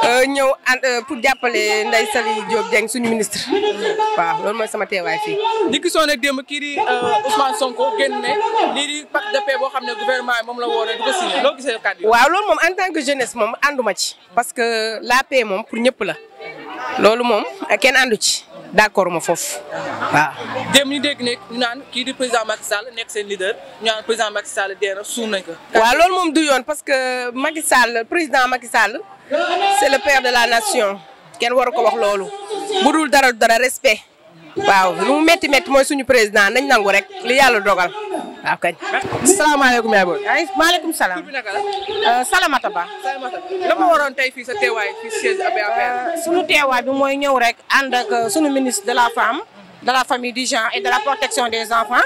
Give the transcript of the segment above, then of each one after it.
Euh, ñëw ànd euh, pour jàppale Ndeye Saly Diop Dieng suñu ministre waaw loolu mooy sama teewaay fii. ñu gisoon démb kii di euh, Ousmane Sonko génn ne lii di pacte de paix boo xam ne gouvernement bi moom la woon du ko signé loo gisee kàddu waaw loolu moom en tant que jeunesse moom ànduma ci parce que la paix moom pour ñëpp la loolu moom kenn àndu ci. d' accord ma foofu waaw. Ah. démb ñu dégg ne ñu naan kii di président Macky Sall nekk seen leader ñu naan président Macky Sall dee na suur ko. waaw loolu moom du yoon parce que Macky président Macky Sall c' le père de la nation kenn waru ko wax loolu budul dara dara respect. waaw lu mu métti métti mooy suñu président nañ nangu rek li yàlla dogal waaw ah, kañ. salaamaaleykum yaay booy. maaleykum salaam. Euh, Salamata Ba. Salamata la ma waroon tey fii sa teewaay euh, suñu teewaay bi mooy ñëw rek ànd ak euh, suñu ministre de la femme. de la famille du genre et de la protection des enfants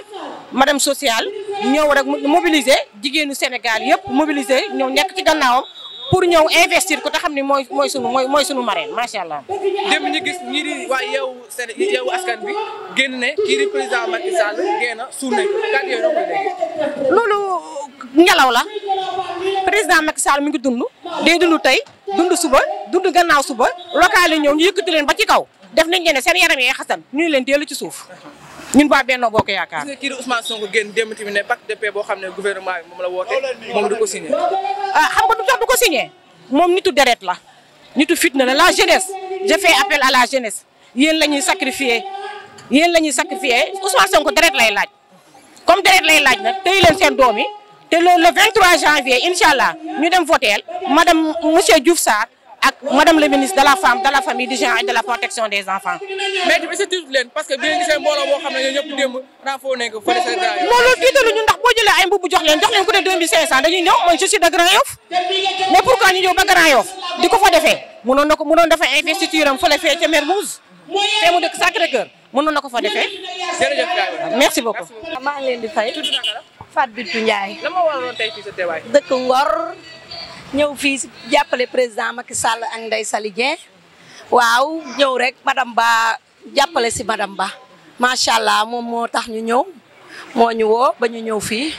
madame sociale ñëw rek mobiliser jigéenu Sénégal yëpp mobiliser ñëw nekk ci gannaawam. pour ñëw investir ko te xam ni mooy mooy sunu mooy mooy sunu marraine macha allah. dem ñu gis ñii di waa yow seen yow askan bi génn ne kii président Macky Sall génn suul nañ loolu ngelaw la président Macky Sall mi ngi dund day dund tey dund suba dund gannaaw suba local yi ñëw ñu yëkkati leen ba ci kaw def nañ leen seen yaram yee xasan ñu leen dellu ci suuf. ñun waa Benno Bokk Yaakaar. gis nga kii di Ousmane Sonko génn démb tamit ne pacte de paix boo xam ne gouvernement yi moom la woote moom du ko signé. ah xam nga tax du ko signé moom nitu deret la nitu fitna la la jeunesse je fais appel à la jeunesse yéen la ñuy sacrifié yéen la ñuy sacrifié Ousmane Sonko deret lay laaj comme deret lay laaj nag tey leen seen doom yi te loolu le 23 janvier incha allah ñu dem voteel madame monsieur Diouf Sarr ak madame le ministre de la femme de la famille de la protection des enfants. mais tamit si tiitu leen parce que bi nga gisee boo xam ne ñoom ñëpp démb renfort nañ ko fële sa mbubb jox leen jox leen ku ne 2500 dañuy ñëw man je suis de Grand Yoff mais pourquoi ñu ñëw ba Grand Yoff di ko fa defee mënoon na ko mënoon dafa investiture am fële fee ca Mermoz fee mu dëkk Sacré-Cœur mënoon na ko fa defee. jërëjëf merci beaucoup. maa ngi leen di fay. Fatou Binetou Ndiaye. la ma waroon tey ci sa teewaay. dëkk Ngor ñëw fii si jàppale président Macky Sall ak Ndeye Saly Dieng waaw ñëw rek madame Ba jàppale si madame Ba macha allah moom moo tax ñu ñëw moo ñu woo ba ñëw fii.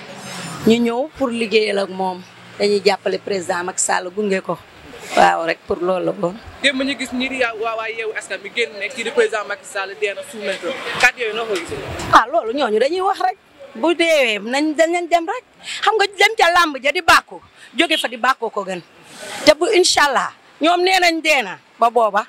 ñu ñëw pour liggéeyal ak moom dañuy jàppale président Macky Sall gunge ko waaw rek pour loolu la woon. démb ñu gis ñi di waa waa yeewu askan bi génn ne kii di président Macky Sall dee na suuf nañ ko kàddu yooyu noo ko gisee. ah loolu ñooñu dañuy wax rek bu deewee nañ dañ dem rek xam nga dem ca làmb ja di bàkku joge fa di bàkkoo ko gën te bu incha allah ñoom nee nañ dee na ba booba.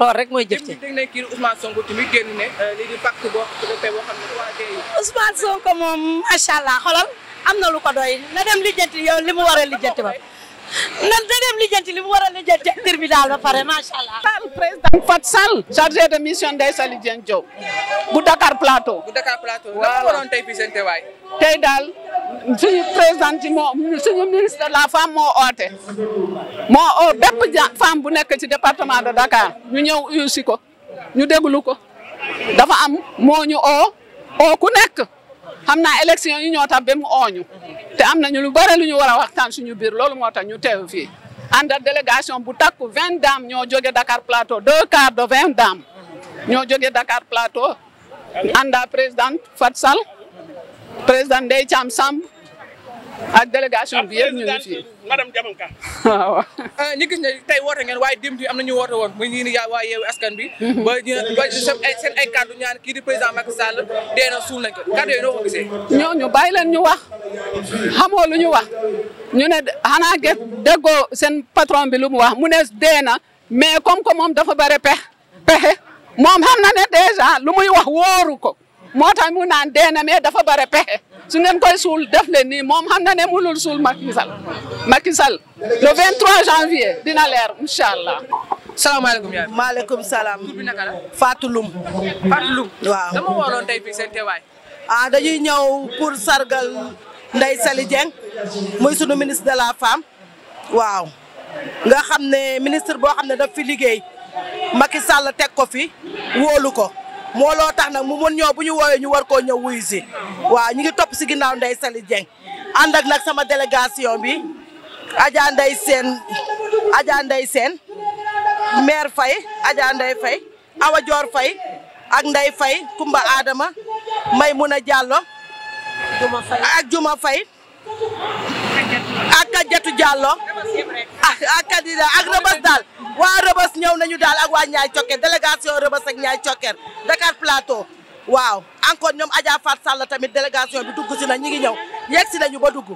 loolu rek mooy jëf ci dégg nañ kii Ousmane Sonko tamit génn ne euh, lii di pacte boo xam ne waa DG. Ousmane Sonko moom macha allah xoolal am na lu ko doy na dem lijjanti yow li mu war a lijjanti ba na dem lijjanti li mu war a lijjanti mbir mi daal ba pare macha allah. président Fat de mission Ndeye Saly Dieng Diop bu Dakar Plateau. bu Dakar Plateau. waaw dafa waroon tey fii seen tey daal. suñu présidente ci moo suñu ministre la femme moo oote moo oo bépp femme bu nekk ci département de Dakar ñu ñëw uyusi ko ñu déglu ko dafa am moo ñu oo oo ku nekk xam naa élection yi ñoo tax ba mu te am nañu lu bëri lu ñu war a waxtaan suñu biir loolu moo tax ñu teew fii ànd ak délégation bu takku vingt dames ñoo joge Dakar Plateau deux quarts de vingt dame ñoo joge Dakar Plateau ànd ak présidente Fat Sall présidente Ndeye ak délégation bi yëpp ñu ngi fi madame Diamanka waaw ah, ñu gis ne tey woote ngeen waaye démb ji am na ñu woote woon muy ñii ni yaa waa yeewu askan bi mhm. ba ba seen ay kàddu ñaan kii di président Macky Sall dee na suul nañ ko kàddu yooyu noo ko gisee ñooñu bàyyi leen ñu wax xamoo lu ñu wax ñu ne xanaa ge déggoo seen patron bi lu mu mu ne dee na mais comme que moom dafa bare pex pexe moom xam na ne dèjà lu muy wax wóoru ko moo tax mu naan dee na mais dafa bare pexe su ngeen koy suul def leen nii moom xam na ne mënul suul Macky Sall Macky Sall le 23 janvier dina leer incha allah. salaamaaleykum yaay. maaleykum salaam. tur bi naka la. Fatou Loum. Fatou Loum. waaw dama ah, dañuy ñaw pour sargal Ndeye Saly Dieng muy sunu ministre de la femme waaw nga xam ne ministre boo xam ne daf fi liggéey Macky Sall teg ko fi wóolu ko. moo loo tax nag mu mën ñoo bu ñu woowee ñu war koo ñëw wuyu si waaw ñu ngi topp si ginnaaw Ndeye Saly Dieng ànd ak sama délégation bi Adja Ndeye Sène Adja Ndeye Sène maire Faye Adja Ndeye Faye Awa Dior ak Ndeye fay Kumba Adama Maymuna jàllo ak Juma Faye ak Kajatu Diallo ak ak Kadida ak Rebas daal waa Rëbës ñëw nañu daal ak waa Ñaay Coker délégation Rëbës ak Ñaay Coker Dakar Plateau waaw encore ñoom Adja Fat Sall tamit délégation bi dugg si na ñu ngi ñëw yegg si nañu ba dugg.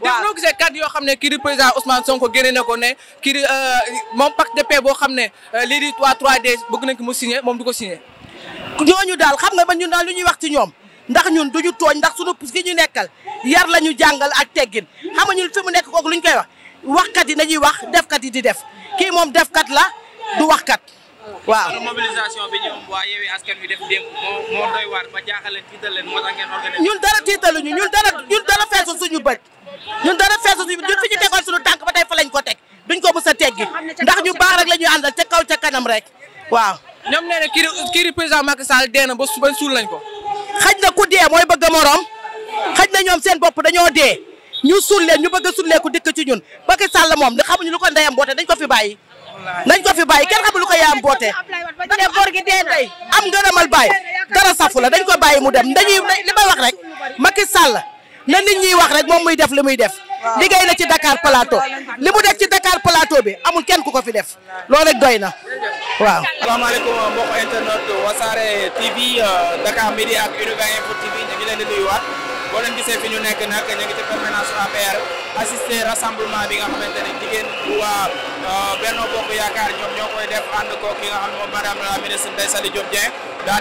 waaw def gisee kàddu yoo xam ne kii di président Ousmane Sonko génne na ko ne kii di euh, moom pacte de boo xam ne euh, lii di 3D bëgg nañ ko mu signé moom du ko signé. ñooñu daal xam nga ba ñun daal lu ñuy wax ci ñoom ndax ñun du ñu tooñ ndax suñu ki ñu nekkal yar la ñu jàngal ak teggin xam nga ñun fi nekk kooku lu ñu koy wax waxkat yi nañuy wax defkat yi di def kii moom def kat la du waxkat waaw mobilisation bi ñoom waa Yewwi Askan Wi def démb moo moo doy waar ba jaaxal leen tiital leen moo tax ngeen organisé ñun dara tiitaluñu ñun dara ñun dara feesu suñu bët ñun dara feesu suñu ñun fi ñu tegoon suñu tànk ba tey fa lañ ko teg duñ ko mës a teggi ndax ñu baax rek la ñuy àndal ca kaw ca kanam rek waaw. ñoom nee na kii kii président Macky Sall dee na ba suba suul nañ ko. xaj na ku dee mooy bëgg morom xaj na ñoom seen bopp dañoo dee. ñu suul leen ñu bëgg a sulleeku dikk ci ñun Macky Sall moom di xamuñu lu ko ndeyam boote dañ ko fi bàyyi nañ ko fi bàyyi kenn xamul lu ko yaayam boote te góor gi dee tey am ngërëmal bàyyi dara safu la dañ ko bàyyi mu dem dañuy li may wax rek Macky Sall na nit ñiy wax rek moom muy def li muy def liggéey na ci Dakar Plateau li mu def ci Dakar Plateau bi amul kenn ku ko fi def loo rek doy na waaw. asalaamaaleykum mbokk internet Wassare TV Dakar boo leen gisee fi ñu nekk nag ñu ngi ci permanence APR assisté rassemblement bi nga xamante ne jigéen bu waa euh, Benno Bokk Yaakaar ñoom ñoo koy def ànd ko ki nga xam ne moom madame la ministre Ndeye Saly Diop Dieng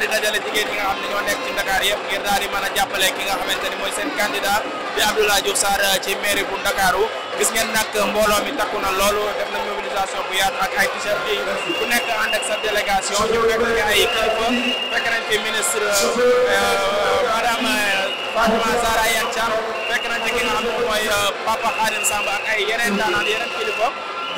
di dajale jigéen ñi nga xam ne ñoo nekk ci Dakar yëpp ngir daal di mën a jàppale ki nga xamante ne mooy seen candidat bi Abdoulaye Diouf Sarr euh, ci mairie bu Ndakaaru gis ngeen nag mbooloo mi takku na loolu def na mobilisation bu yaatu ak ay t-shirt yi ku nekk Fatima Zahra Iyane Thiam fekk nañ ci ki mooy euh, Papa Khadim Samb ak ay yeneen daanaan yeneen kilifa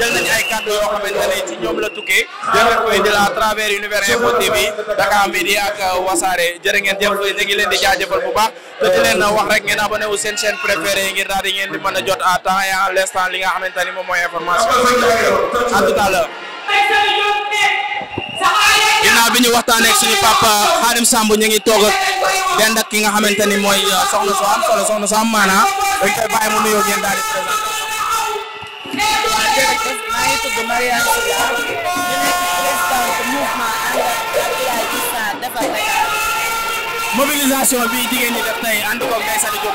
jël nañ ay kàddu yoo xamante ne ci ñoom la tukkee jël nañ koy jël à travers Univers Info TV Dakar Midi ak euh, Wassare jërë ngeen jëf ñu ngi leen di jaajëfal bu baax te di leen wax rek ngeen abonné wu seen chaîne préférée ngir daal di ngeen di mën a jot à temps et à l'instant li nga xamante ni moom mooy information ginnaaw bi ñu waxtaanee ak suñu papa Xaadim Samb ñu ngi toog ak nga xamante ni mooy euh, soxna su am solo soxna su am maanaa dañ koy bàyyi mu nuyoo bi jigéen ñi def tey ànd koog Ndeye Saly Diop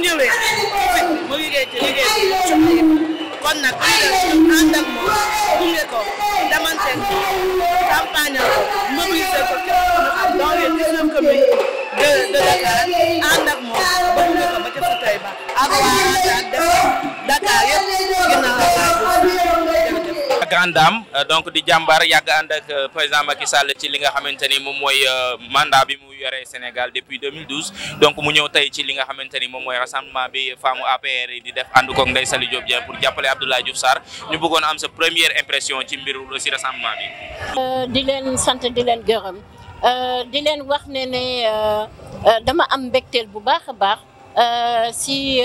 mu ñëwee mu liggéey ci liggéey bi kon nag ñu ànd ak moom gunge ko damanteeg ko campagne ko mobiliser ko dans les 19 communes de de Dakar ànd ak moom ba gunge ko ba ca Sutay ba ak waa Dakar yëpp ginnaaw grande dame euh, donc di jàmbaar yàgg ànd ak euh, président Macky ci li nga xamante ni moom mooy euh, mandat bi mu yore Sénégal depuis 2012 donc mu ñëw tey ci li nga xamante ni moom mooy rassemblement bi faamu APR yi di def ànd koog Ndeye Saly Diop Dieng pour jàppale Abdoulaye Diouf Sarr ñu bëggoon am sa première impression ci mbiru si rassemblement di leen sant di leen gërëm di leen wax ne ne dama am mbégteel bu baax a baax. Euh, si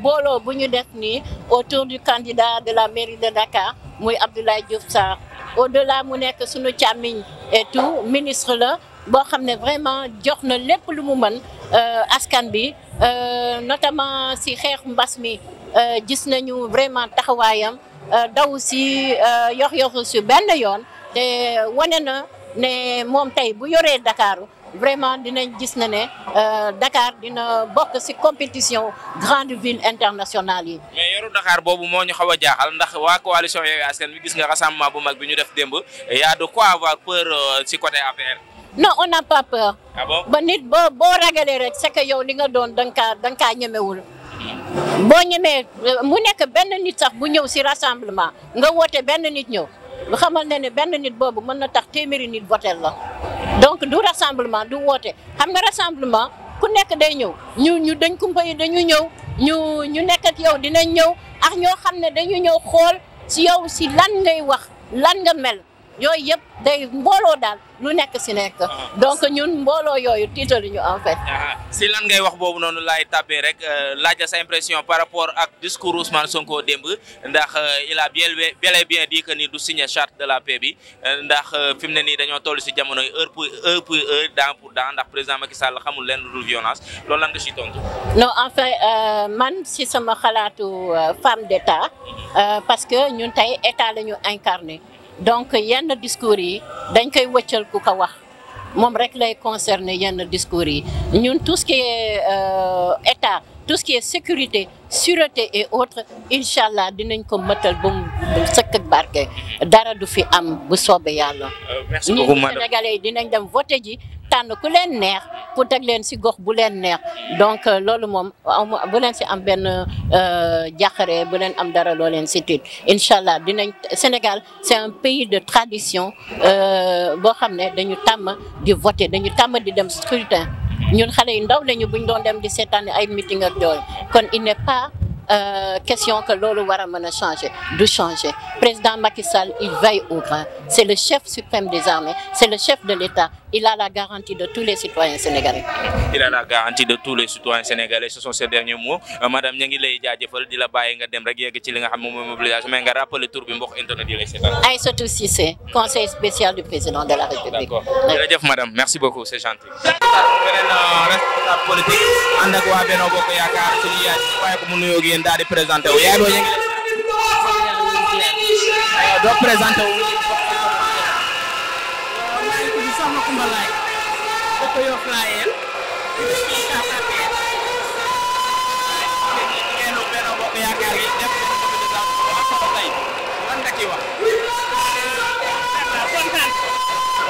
booloo bu ñu def nii autour du candidat de la mairie de Dakar muy Abdoulaye Diouf Sarr au delà mu nekk suñu càmmiñ et tout ministre la boo xam ne vraiment jox na lépp lu mu mën euh, askan bi euh, notamment si xeex mbas mi euh, gis nañu vraiment taxawaayam daw si yox yoxu si benn yoon te wane na ne moom tey bu yoree ndakaaru vraiment dinañ gis na ne euh, Dakar dina bokk si compétition grande ville internationale yi. mais yoru Dakar boobu moo ñu xaw a jaaxal ndax waa coalition Yewwi Askan Wi gis nga rassemblement bu mag bi ñu def démb y a de quoi avoir peur euh, ci côté APR. non on n'a pas ah ba nit boo boo ragalee rek c'est yow li nga doon da nga da nga kaa ñemewul. boo ñemee euh, mu nekk benn nit sax bu ñëw si rassemblement nga woote benn nit ñëw lu xamal ne ne benn nit boobu mën na tax téeméeri nit votel la. donc du rassemblement du woote xam nga rassemblement ku nekk day ñëw ñu ñu dañ kumpa yi dañu ñëw ñu ñu nekk ak yow dinañ ñëw ak ñoo xam ne dañu ñëw xool si yow si lan ngay wax lan nga mel yooyu yëpp day mbooloo daal lu nekk si nekk. Ah. donc ñun mbooloo yooyu tiitalu ñu en ah, si lan ngay wax boobu noonu laay tàbbee rek euh, laaj la sa impression par rapport ak discours Ousmane Sonko démb ndax euh, il a bien bel et bien dit que ni du signer charte de la paix bi euh, ndax fi mu ne nii dañoo toll si jamono yi heure pour heure pour heure dent pour dent ndax président Macky Sall xamul leen lu dul violence loolu lan nga siy tontu. non enfin man si sama xalaatu femme d' état parce que ñun tey état la ñu donc yenn discours yi dañ koy wëccal ku ko wax moom rek lay concerné yenn discours yi ñun tous ce qui euh, état tout ce qui sécurité sûreté et autres incha allah dinañ ko mëtal ba mu barke dara du fi am bu soobee yàlla. Euh, ñun sénégalais yi dinañ dem voté ji. tànn ku leen neex pour teg leen si gox bu leen neex donc euh, loolu moom bu leen si am benn euh, jàqare bu leen am dara loo leen si tiit incha allah dinañ Sénégal c'est un pays de tradition euh, boo xam ne dañu tàmm di voter dañu tàmm di dem scrutin ñun xale yu ndaw lañu ñu doon dem di seetaan ay meeting ak yooyu kon il n'est pas Euh, question a mën a changer président Macky il veille au grain c'est le chef suprême des armées c'est le chef de l'État il a la garantie de tous les citoyens sénégalais. il a la garantie de tous les citoyens sénégalais ce sont ces derniers mots euh, madame ñu ngi lay jaajëfal di la bàyyi nga dem rek yegg ci li nga xam conseil spécial du président de la République. d'accord jërëjëf madame merci beaucoup c'est gentil. beneen responsable politique ànd ak waa Benno Bokk Yaakaar ci li yaay bàyyi ko mu ngeen daal di présenté wu yaay booy ñu ngi lay. doo présenté wu. soxna Kumba Laay dëkk Yoff Laayeen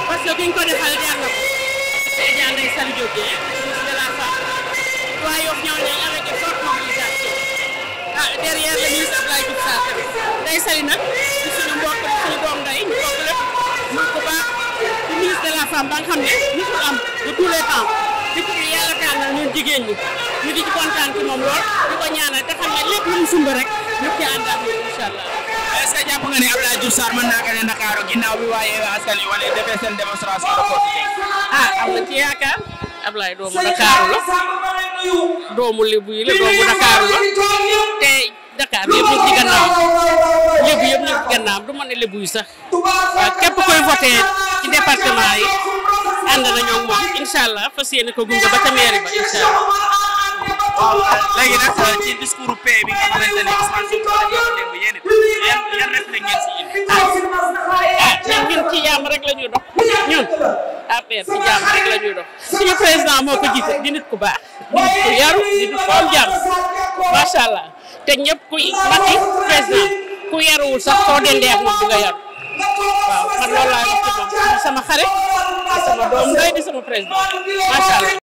parce que biñ ko defal jaar na ko te jaar nañ Saliou Diop waa Yoff ñëw nañ avec des fortes mobilisations ah derrière de la femme ba nga xam ne ko ne Ndakaaru ginnaaw bi waaye askan wi wala defee seen démonstration de ah, am na ci yaakaar Abdoulaye doomu Ndakaaru la doomu Lebu yi la doomu Ndakaaru la. te eh, Dakar yëpp ñu ci gànnaaw lébu yëpp ñu ci gànnaaw du mën a lébu yi sax képp koy voté ci département yi ànd nañoo moom incha allah fas yéene ko gunge ba ca mairie ba incha euh, ci discours paix bi nga xamante ne ci jàmm rek la ñuy dox ñun APR ah, ci jàmm rek la ñuy dox suñu président moo ko jiite di nit ku baax di macha allah te ñëpp ku Macky président ku yaruwul sax soo dendee ak moom di waaw man loolu laa wax ci moom sama xarit sama doom ndey di sama président macha allah.